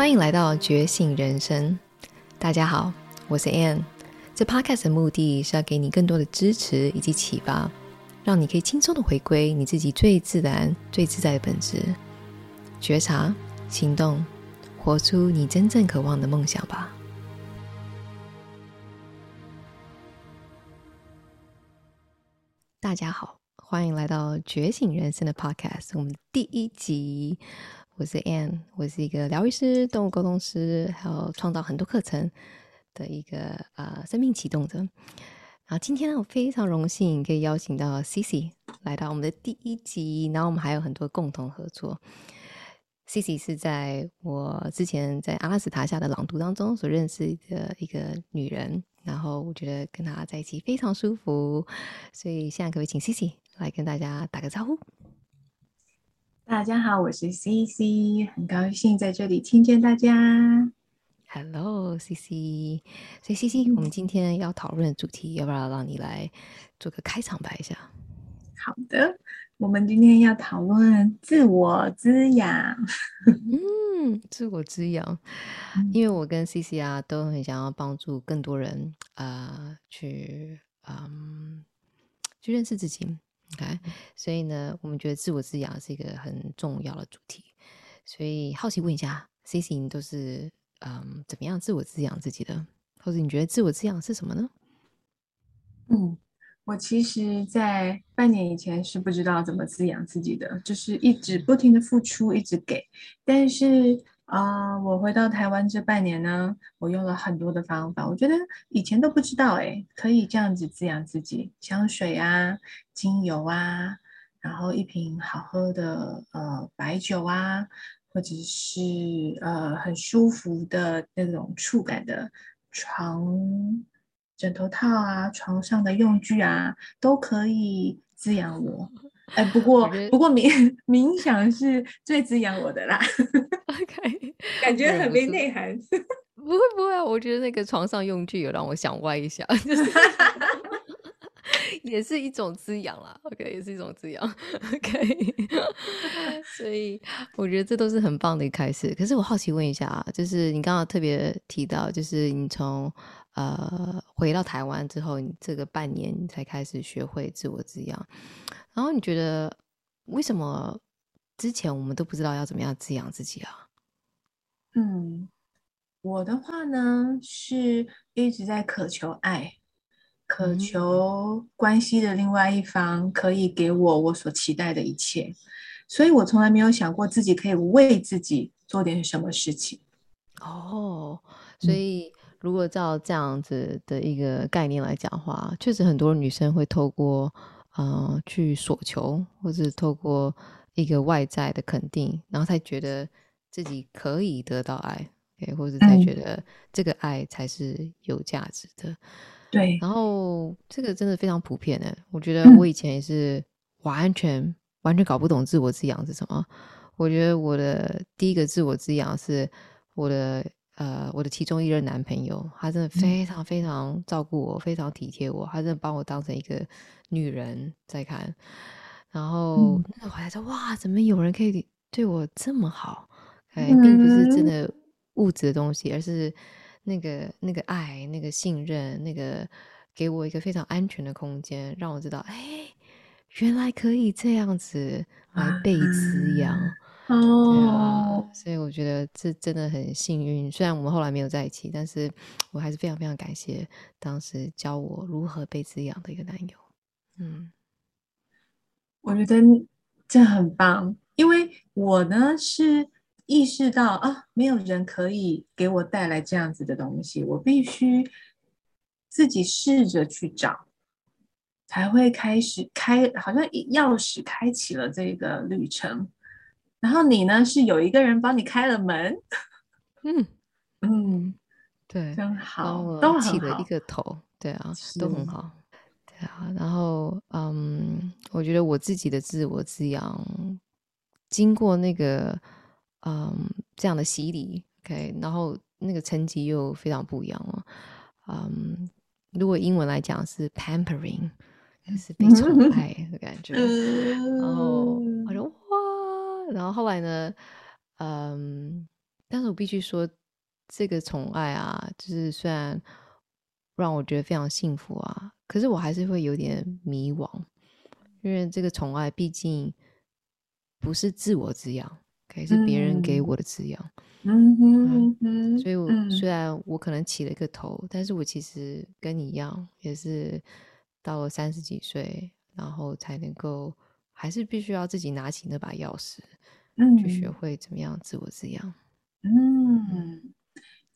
歡迎來到覺醒人生，大家好，我是 Ann。這 Podcast 的目的是要給你更多的支持以及啟發，讓你可以輕鬆的回歸你自己最自然、最自在的本質，覺察、行動，活出你真正渴望的夢想吧。大家好，歡迎來到覺醒人生的 Podcast，我們第一集。我是 Ann，我是一個療癒師、動物溝通師，還有創造很多課程的一個呃生命啟動者。然後今天呢，我非常榮幸可以邀請到 Cici 來到我們的第一集，然後我們還有很多共同合作。Cici 是在我之前在阿拉斯塔下的朗讀當中所認識的一個女人，然後我覺得跟她在一起非常舒服，所以現在可，可以請 Cici 來跟大家打個招呼。大家好，我是 CC，很高興在這裡聽見大家。Hello，CC。所以，CC，嗯、我們今天要討論的主題，要不要讓你來做個開場白一下。好的，我們今天要討論自我滋養。 嗯，自我滋養，因為我跟 CC 啊都很想要幫助更多人啊、呃、去嗯、呃、去認識自己。OK，所以呢，我們覺得自我滋養是一個很重要的主題。所以好奇問一下 CC，你都是嗯怎麼樣自我滋養自己的？或者你覺得自我滋養是什麼呢？嗯，我其實，在半年以前是不知道怎麼滋養自己的，就是一直不停的付出，一直給，但是。啊、呃，我回到台灣這半年呢，我用了很多的方法，我覺得以前都不知道，欸，誒，可以這樣子滋養自己，香水啊，精油啊，然後一瓶好喝的呃白酒啊，或者是呃很舒服的那種觸感的床，枕頭套啊，床上的用具啊，都可以滋養我。哎，不過不過冥冥想是最滋養我的啦。 OK，感覺很沒內涵。不會不會、啊、我覺得那個床上用具有讓我想歪一下， 就是也是一種滋養啦。OK，也是一種滋養。OK， 所以我覺得這都是很棒的一開始。可是我好奇問一下啊，就是你剛剛特別提到，就是你從呃回到台灣之後，你這個半年你才開始學會自我滋養。然後你覺得為什麼之前我們都不知道要怎麼樣滋養自己啊？嗯，我的話呢是一直在渴求愛，渴求關係的另外一方可以給我我所期待的一切，所以我從來沒有想過自己可以為自己做點什麼事情。哦，所以如果照這樣子的一個概念來講的話，嗯，確實很多女生會透過。呃，去索求，或是透過一個外在的肯定，然後才覺得自己可以得到愛，okay? 嗯、或者才覺得這個愛才是有價值的。對，然後這個真的非常普遍的。我覺得我以前也是完全、嗯、完全搞不懂自我滋養是什麼。我覺得我的第一個自我滋養是我的。呃，我的其中一任男朋友，他真的非常非常照顧我，嗯、非常體貼我，他真的把我當成一個女人在看。然後、嗯、那個回來說：“哇，怎麼有人可以對我這麼好？”哎，並不是真的物質的東西、嗯，而是那個那個愛、那個信任、那個給我一個非常安全的空間，讓我知道，哎，原來可以這樣子來被滋養。嗯哦，對啊，所以我覺得這真的很幸運。雖然我們後來沒有在一起，但是我還是非常非常感謝當時教我如何被滋養的一個男友。嗯，我覺得這很棒，因為我呢是意識到啊，沒有人可以給我帶來這樣子的東西，我必須自己試着去找，才會開始開，好像鑰匙開啟了這個旅程。然後你呢？是有一個人幫你開了門，嗯嗯，對，真好，都好起了一個頭，對啊，是，都很好，對啊。然後，嗯，我覺得我自己的自我滋養，經過那個，嗯，這樣的洗禮，OK，然後那個層級又非常不一樣了。嗯，如果英文來講是 pampering，就是被寵愛的感覺。哦、嗯，哎呦。嗯我然後後來呢？嗯，但是我必須說，這個寵愛啊，就是雖然讓我覺得非常幸福啊，可是我還是會有點迷惘，因為這個寵愛畢竟不是自我滋養可、嗯、是別人給我的滋養。嗯哼、嗯嗯，所以我，我、嗯、雖然我可能起了一個頭，但是我其實跟你一樣，也是到了三十幾歲，然後才能夠，還是必須要自己拿起那把鑰匙。嗯，就學會怎麼樣自我滋養。嗯。嗯，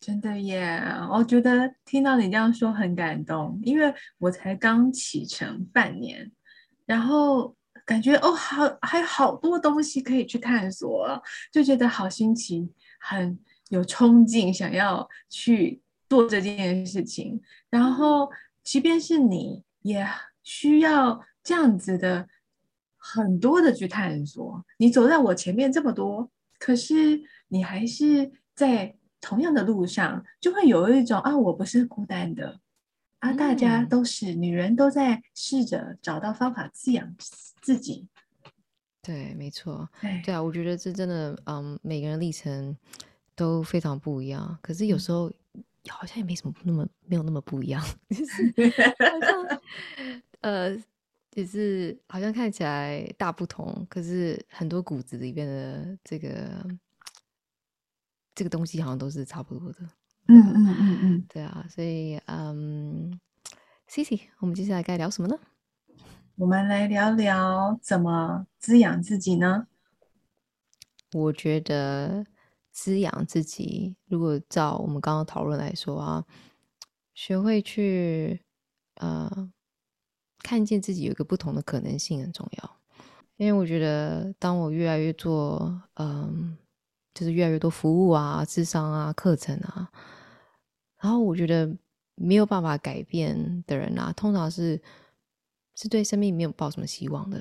真的耶，我覺得聽到你這樣說很感動，因為我才剛啟程半年，然後感覺哦，好，還有好多東西可以去探索，就覺得好新奇，很有衝勁，想要去做這件事情。然後，即便是你也需要這樣子的。很多的去探索，你走在我前面這麼多，可是你還是在同樣的路上，就會有一種啊，我不是孤單的，啊、嗯，大家都是，女人都在試着找到方法滋養自己。對，沒錯，哎，對啊，我覺得這真的，嗯，每個人歷程都非常不一樣，可是有時候好像也沒什麼那麼沒有那麼不一樣， 呃。只是好像看起來大不同，可是很多骨子裡邊的這個這個東西好像都是差不多的。嗯嗯嗯嗯，對啊，所以嗯，西西，我們接下來該聊什麼呢？我們來聊聊怎麼滋養自己呢？我覺得滋養自己，如果照我們剛剛討論來說啊，學會去啊。呃看見自己有一個不同的可能性很重要，因為我覺得，當我越來越做，嗯，就是越來越多服務啊、諮商啊、課程啊，然後我覺得沒有辦法改變的人啊，通常是是對生命沒有抱什麼希望的。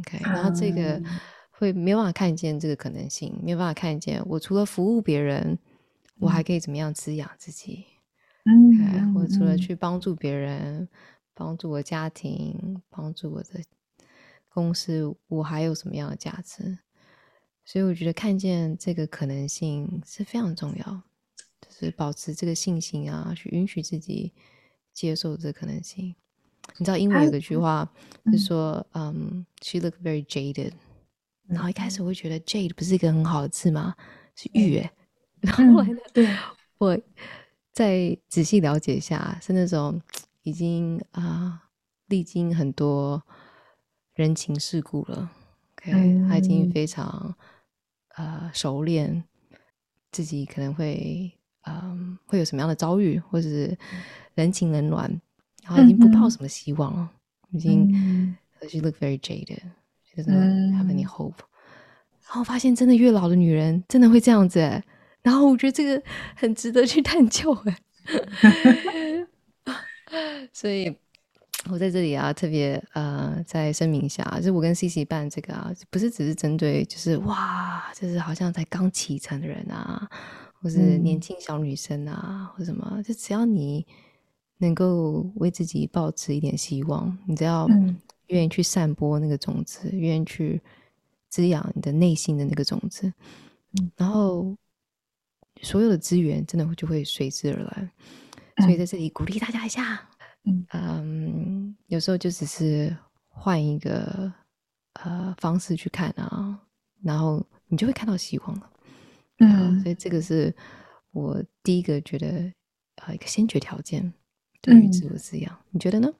OK，然後、嗯、這個會沒有辦法看見這個可能性，沒有辦法看見我除了服務別人、嗯，我還可以怎麼樣滋養自己？Okay? 嗯嗯嗯、我除了去幫助別人。幫助我家庭，幫助我的公司，我還有什麼樣的價值？所以我覺得看見這個可能性是非常重要，就是保持這個信心啊，去允許自己接受這個可能性。你知道英文有個句話 I... 是說，嗯、mm -hmm. um,，she look very jaded、mm -hmm. 然後一開始我會覺得 jade 不是一個很好的字嗎？是玉，哎，然後我再仔細了解一下，是那種。已經啊，uh, 歷經很多人情世故了，OK，她已經非常呃、uh, 熟練，自己可能會嗯，um, 會有什麼樣的遭遇，或者是人情冷暖，然後她已經不抱什麼希望了，mm -hmm. 已經，she looks very jaded，she doesn't have any hope，、um, 然後發現真的越老的女人真的會這樣子，然後我覺得這個很值得去探究，哎。 所以，我在這裡啊，特別呃，再聲明一下，就是、我跟 C C 辦這個啊，不是只是針對，就是哇，就是好像才剛啟程的人啊，或是年輕小女生啊，嗯、或者什麼，就只要你能夠為自己抱持一點希望，你只要願意去散播那個種子，願、嗯、意去滋養你的內心的那個種子，嗯、然後所有的資源真的就會隨之而來。所以在這裡鼓勵大家一下，嗯，um, 有時候就只是換一個呃方式去看啊，然後你就會看到希望了。嗯，uh, 所以這個是我第一個覺得呃一個先決條件，對於自我滋養，你覺得呢？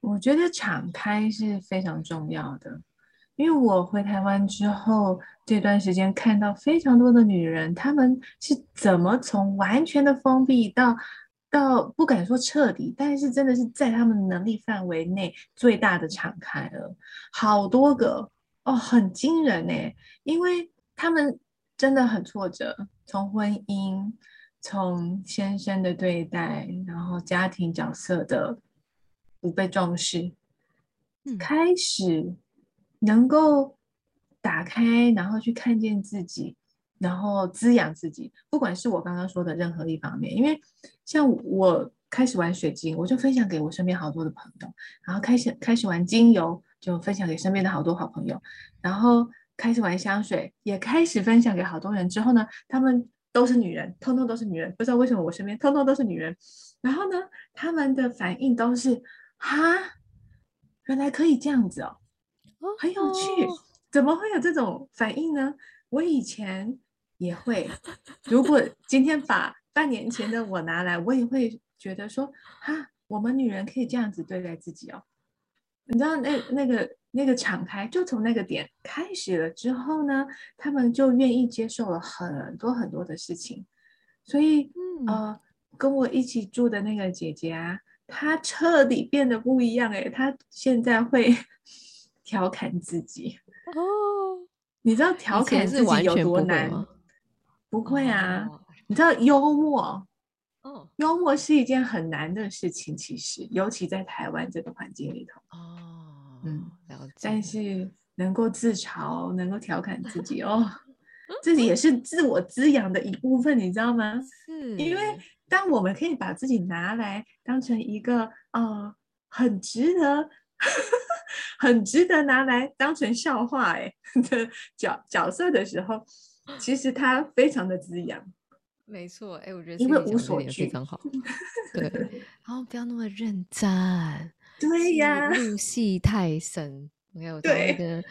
我覺得敞開是非常重要的。因為我回台灣之後這段時間，看到非常多的女人，她們是怎麼從完全的封閉到到不敢說徹底，但是真的是在她們能力範圍內最大的敞開了，好多個哦，很驚人欸！因為她們真的很挫折，從婚姻、從先生的對待，然後家庭角色的不被重視，開始。嗯能夠打開，然後去看見自己，然後滋養自己，不管是我剛剛說的任何一方面，因為像我開始玩水晶，我就分享給我身邊好多的朋友，然後開始開始玩精油，就分享給身邊的好多好朋友，然後開始玩香水，也開始分享給好多人之後呢，他們都是女人，通通都是女人，不知道為什麼我身邊通通都是女人。然後呢，他們的反應都是：哈，原來可以這樣子哦。很有趣，oh. 怎麼會有這種反應呢？我以前也會，如果今天把半年前的我拿來，我也會覺得說，哈，我們女人可以這樣子對待自己哦。你知道那，那個、那個那個敞開，就從那個點開始了之後呢，他們就願意接受了很多很多的事情。所以，嗯呃，跟我一起住的那個姐姐啊，她徹底變得不一樣哎，她現在會。調侃自己哦，oh, 你知道調侃自己有多難？不會嗎，不會啊，oh. 你知道幽默哦，oh. 幽默是一件很難的事情，其實，尤其在台灣這個環境裡頭哦，oh, 嗯，但是能夠自嘲，能夠調侃自己哦， oh, 自己也是自我滋養的一部分，你知道嗎？是、hmm.，因為當我們可以把自己拿來當成一個啊、呃、很值得。 很值得拿來當成笑話哎、欸、的角角色的時候，其實他非常的滋養，沒錯哎、欸，我覺得因為無所懼非常好，對，然後不要那麼認真， 對呀、啊，入戲太深，OK，我昨天跟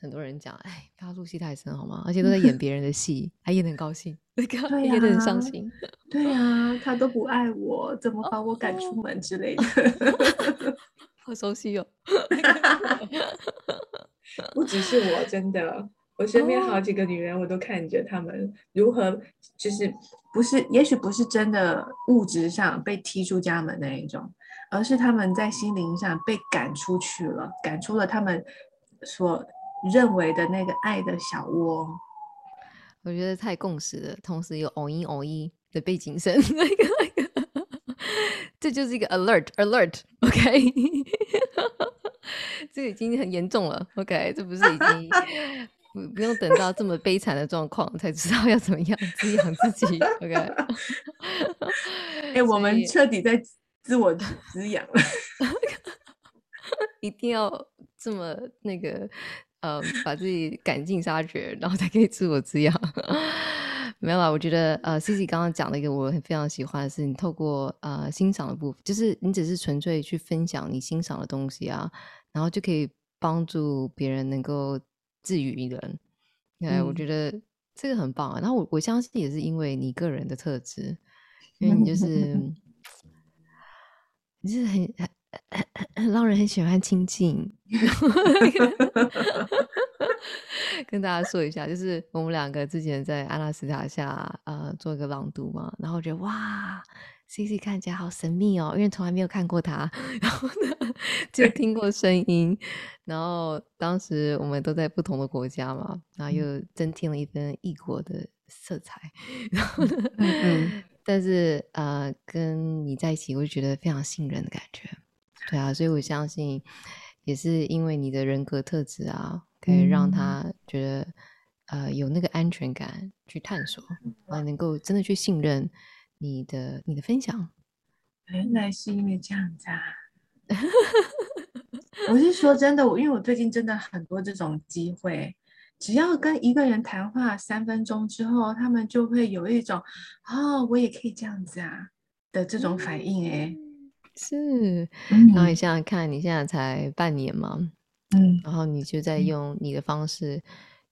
很多人講，哎，他入戲太深好嗎？而且都在演別人的戲， 還演得很高興，對、啊，演得很傷心，對呀、啊啊，他都不愛我，怎麼把我趕出門之類的。 好熟悉喲、哦， 不只是我，真的，我身邊好幾個女人，我都看着她們如何，就是不是，也許不是真的物質上被踢出家門那一種，而是她們在心靈上被趕出去了，趕出了她們所認為的那個愛的小窩。我覺得太共識了，同時有哦咿哦咿的背景聲。 這就是一個 alert alert，OK、okay? 這已經很嚴重了，OK，這不是已經不用等到這麼悲慘的狀況才知道要怎麼樣滋養自己，OK、欸。哎， 我們徹底在自我滋養了， 一定要這麼那個。呃、嗯，把自己趕盡殺絕，然後才可以自我滋養。 沒有啦，我覺得呃，Cici 剛剛講了一個我很非常喜歡的事情，你透過呃欣賞的部分，就是你只是純粹去分享你欣賞的東西啊，然後就可以幫助別人能夠治癒一個人。哎、嗯，我覺得這個很棒啊。然後我我相信也是因為你個人的特質，因為你就是， 你就是很很。 讓人很喜歡親近 跟大家說一下，就是我們兩個之前在阿拉斯塔下呃做一個朗讀嘛，然後我覺得哇，C C 看起來好神秘哦，因為從來沒有看過他，然後呢就聽過聲音， 然後當時我們都在不同的國家嘛，然後又增添了一分異國的色彩。然後嗯嗯但是呃跟你在一起，我就覺得非常信任的感覺。對啊，所以我相信，也是因為你的人格特質啊，可以讓他覺得、嗯、呃有那個安全感去探索，然後能夠真的去信任你的你的分享。原來是因為這樣子啊！ 我是說真的，因為我最近真的很多這種機會，只要跟一個人談話三分鐘之後，他們就會有一種“哦，我也可以這樣子啊”的這種反應哎、欸。嗯是，然後你現在看你現在才半年嘛，嗯，然後你就在用你的方式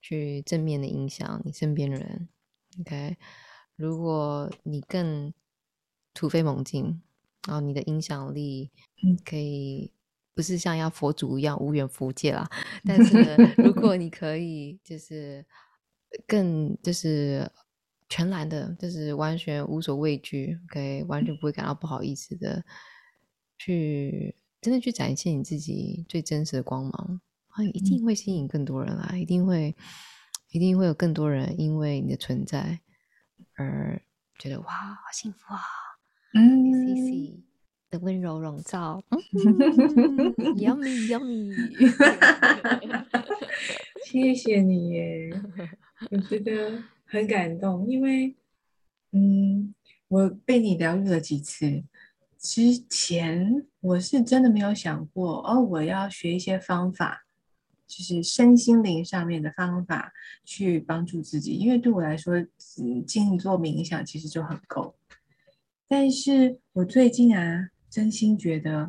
去正面的影響你身邊的人，OK？如果你更突飛猛進，然後你的影響力可以不是像要佛祖一樣無遠弗屆啦，但是如果你可以就是更就是全然的，就是完全無所畏懼，OK？完全不會感到不好意思的。去真的去展現你自己最真實的光芒，啊、嗯，一定會吸引更多人來，一定會，一定會有更多人因為你的存在而覺得哇，好幸福啊！嗯，C C 的溫柔籠罩、嗯、 ，Yummy Yummy， 謝謝你耶， 我覺得很感動，因為嗯，我被你療癒了幾次。之前我是真的沒有想過哦，我要學一些方法，就是身心靈上面的方法去幫助自己，因為對我來說，嗯，靜坐冥想其實就很夠。但是我最近啊，真心覺得，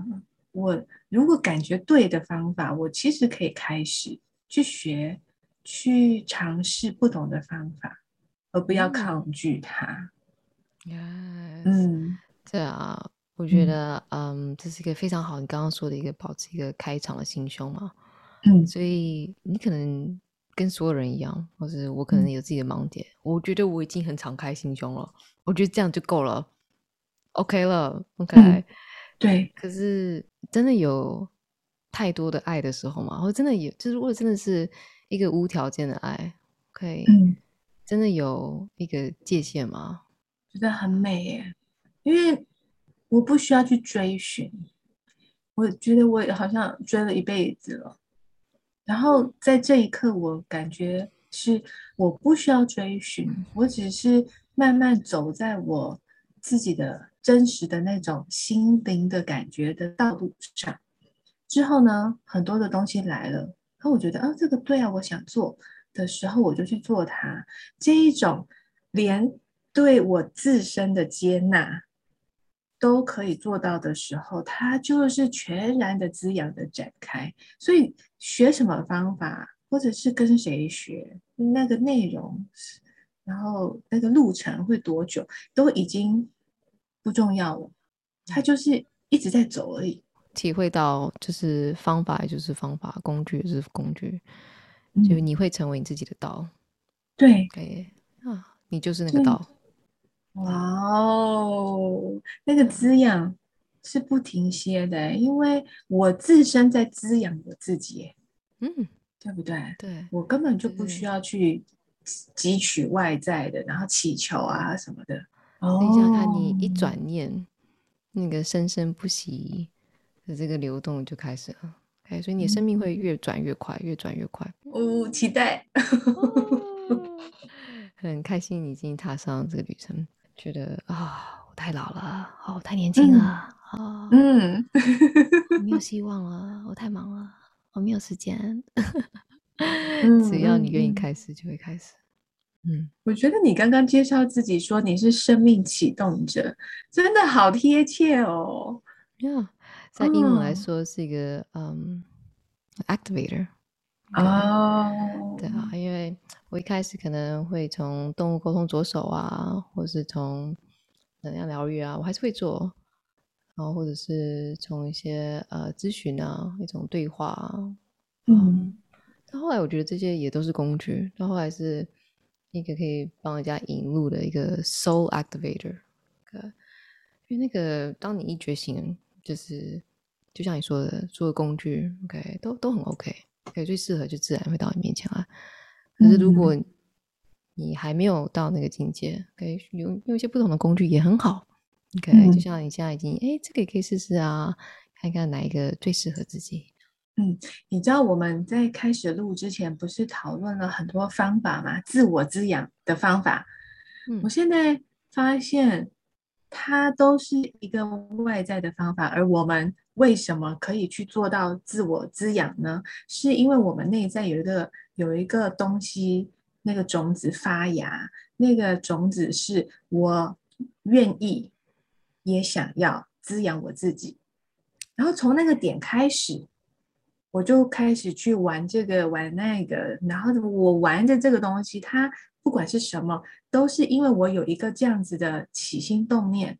我如果感覺對的方法，我其實可以開始去學，去嘗試不同的方法，而不要抗拒它。耶嗯，對、嗯、啊。嗯我覺得，嗯，嗯，這是一個非常好，你剛剛說的一個保持一個開敞的心胸嘛，嗯，所以你可能跟所有人一樣，或是我可能有自己的盲點，我覺得我已經很敞開心胸了，我覺得這樣就夠了，OK 了，OK、嗯。對，可是真的有太多的愛的時候嘛，我真的有，就是如果真的是一個無條件的愛，可以、okay、嗯，真的有那個界限嗎？覺得很美耶，因為。我不需要去追尋，我覺得我好像追了一輩子了。然後在這一刻，我感覺是我不需要追尋，我只是慢慢走在我自己的真實的那種心靈的感覺的道路上。之後呢，很多的東西來了，然後我覺得啊，這個對啊，我想做的時候，我就去做它。這一種連對我自身的接納。都可以做到的時候，它就是全然的滋養的展開。所以學什麼方法，或者是跟誰學，那個內容，然後那個路程會多久，都已經不重要了。它就是一直在走而已。體會到就是方法也就是方法，工具也是工具，就是、你會成為你自己的道。嗯 okay. 對，可以啊，你就是那個道。哇哦，那個滋養是不停歇的，因為我自身在滋養我自己，嗯，對不對？對，我根本就不需要去汲取外在的，然後祈求啊什麼的。哦，oh, 等一下，你一轉念，那個生生不息的這個流動就開始了。哎、okay,，所以你的生命會越轉越快，嗯、越轉越快。我、oh, 期待， oh, 很開心你已經踏上了這個旅程。覺得啊、哦，我太老了，好、哦，我太年輕了，好、嗯哦，嗯，我沒有希望了， 我太忙了，我沒有時間。 只要你願意開始，就會開始嗯嗯。嗯，我覺得你剛剛介紹自己說你是生命啟動者，真的好貼切哦。y、Yeah, 嗯、在英文來說是一個嗯、um,，activator。哦、okay. oh.，對啊，因為我一開始可能會從動物溝通着手啊，或是從能量療癒啊，我還是會做，然後或者是從一些呃諮詢啊，一種對話，啊，mm -hmm. 嗯，但後來我覺得這些也都是工具，到後來是一個可以幫人家引路的一個 soul activator，o 因為那個當你一覺醒，就是就像你說的，做的工具 OK，都都很 OK。可以最適合就自然會到你面前了、啊。可是如果你還沒有到那個境界，嗯、可以用用一些不同的工具也很好。OK，、嗯、就像你現在已經哎、欸，這個也可以試試啊，看看哪一個最適合自己。嗯，你知道我們在開始錄之前不是討論了很多方法嗎？自我滋養的方法、嗯，我現在發現它都是一個外在的方法，而我們。為什麼可以去做到自我滋養呢？是因為我們內在有一個有一個東西，那個種子發芽，那個種子是我願意也想要滋養我自己。然後從那個點開始，我就開始去玩這個玩那個，然後我玩的這個東西，它不管是什麼，都是因為我有一個這樣子的起心動念，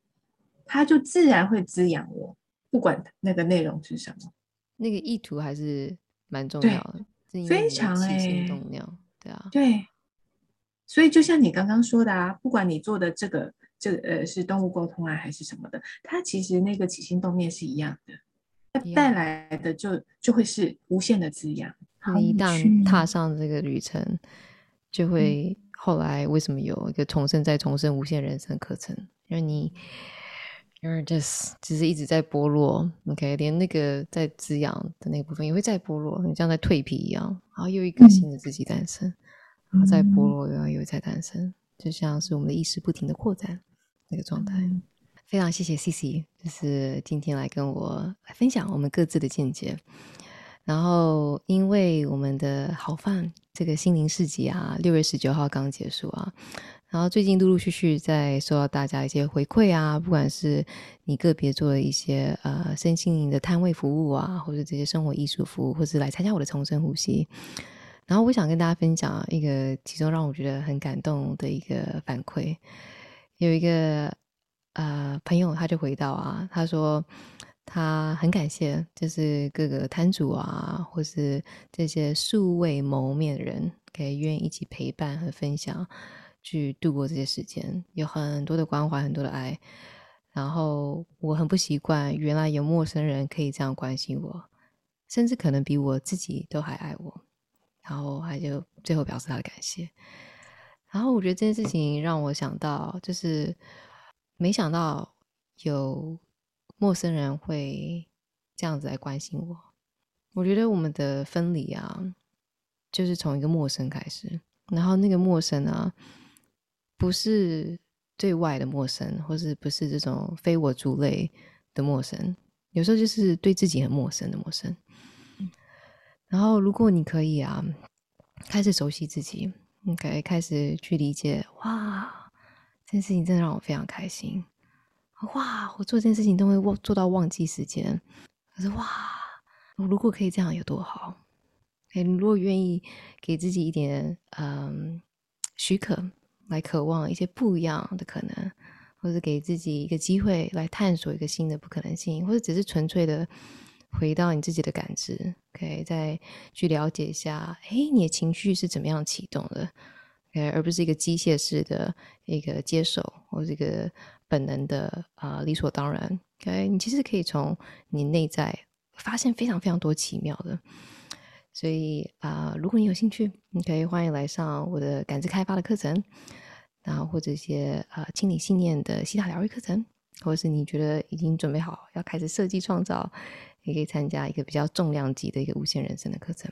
它就自然會滋養我。不管那個內容是什麼，那個意圖還是蠻重要的，非常起心動念，對啊，對。所以就像你剛剛說的啊，不管你做的這個這個、呃是動物溝通啊還是什麼的，它其實那個起心動念是一樣的，它帶來的就就會是無限的滋養。你一旦踏上這個旅程，就會後來為什麼有一個重生再重生無限人生課程、嗯，因為你。就是只是一直在剝落，OK，連那個在滋養的那個部分也會在剝落，很像在蛻皮一樣，然後又一個新的自己誕生，然後再剝落，然後又再誕生，就像是我們的意識不停的擴展那個狀態。Mm -hmm. 非常謝謝 CC，就是今天來跟我來分享我們各自的見解。然後，因為我們的好飯這個心靈市集啊，六月十九號剛結束啊。然後最近陸陸續續在收到大家一些回饋啊，不管是你個別做的一些呃身心靈的攤位服務啊，或者這些生活藝術服務，或者是來參加我的重生呼吸。然後我想跟大家分享一個其中讓我覺得很感動的一個反饋，有一個呃朋友他就回到啊，他說他很感謝，就是各個攤主啊，或是這些素未謀面的人，可以願意一起陪伴和分享，去度過這些時間，有很多的關懷，很多的愛。然後我很不習慣，原來有陌生人可以這樣關心我，甚至可能比我自己都還愛我。然後還就最後表示他的感謝。然後我覺得這件事情讓我想到，就是沒想到有陌生人會這樣子來關心我。我覺得我們的分離啊，就是從一個陌生開始，然後那個陌生呢，啊。不是對外的陌生，或是不是這種非我族類的陌生，有時候就是對自己很陌生的陌生。嗯、然後，如果你可以啊，開始熟悉自己，你可以開始去理解。哇，這件事情真的讓我非常開心。哇，我做這件事情都會忘做到忘記時間。可是哇，我如果可以這樣有多好？欸、你如果願意給自己一點，嗯，許可。來渴望一些不一樣的可能，或者給自己一個機會來探索一個新的不可能性，或者只是純粹的回到你自己的感知，可以 okay? 再去了解一下，哎，你的情緒是怎麼樣啟動的？Okay? 而不是一個機械式的一個接受或這個本能的啊、呃、理所當然。Okay? 你其實可以從你內在發現非常非常多奇妙的。所以啊、呃，如果你有興趣，你可以歡迎來上我的感知開發的課程，然後或者一些啊、呃、清理信念的西塔療癒課程，或者是你覺得已經準備好要開始設計創造，你可以參加一個比較重量級的一個無限人生的課程。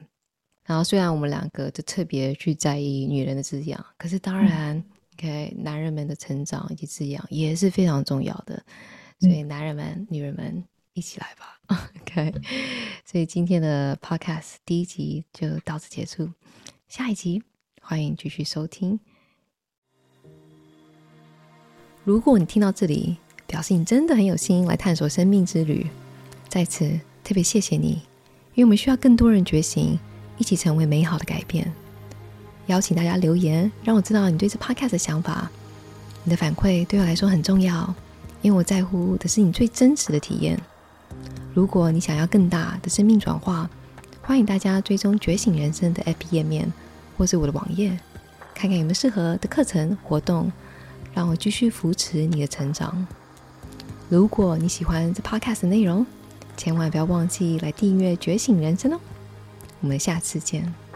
然後，雖然我們兩個就特別去在意女人的滋養，可是當然，OK，嗯，男人們的成長以及滋養也是非常重要的。所以，男人們、女人們。一起來吧，OK。所以今天的 Podcast 第一集就到此結束，下一集歡迎繼續收聽。如果你聽到這裡，表示你真的很有心來探索生命之旅，在此特別謝謝你，因為我們需要更多人覺醒，一起成為美好的改變。邀請大家留言，讓我知道你對這 Podcast 的想法。你的反饋對我來說很重要，因為我在乎的是你最真實的體驗。如果你想要更大的生命轉化，歡迎大家追蹤“覺醒人生”的 App 頁面，或是我的網頁，看看有沒有適合的課程活動，讓我繼續扶持你的成長。如果你喜歡這 Podcast 的內容，千萬不要忘記來訂閱“覺醒人生”哦。我們下次見。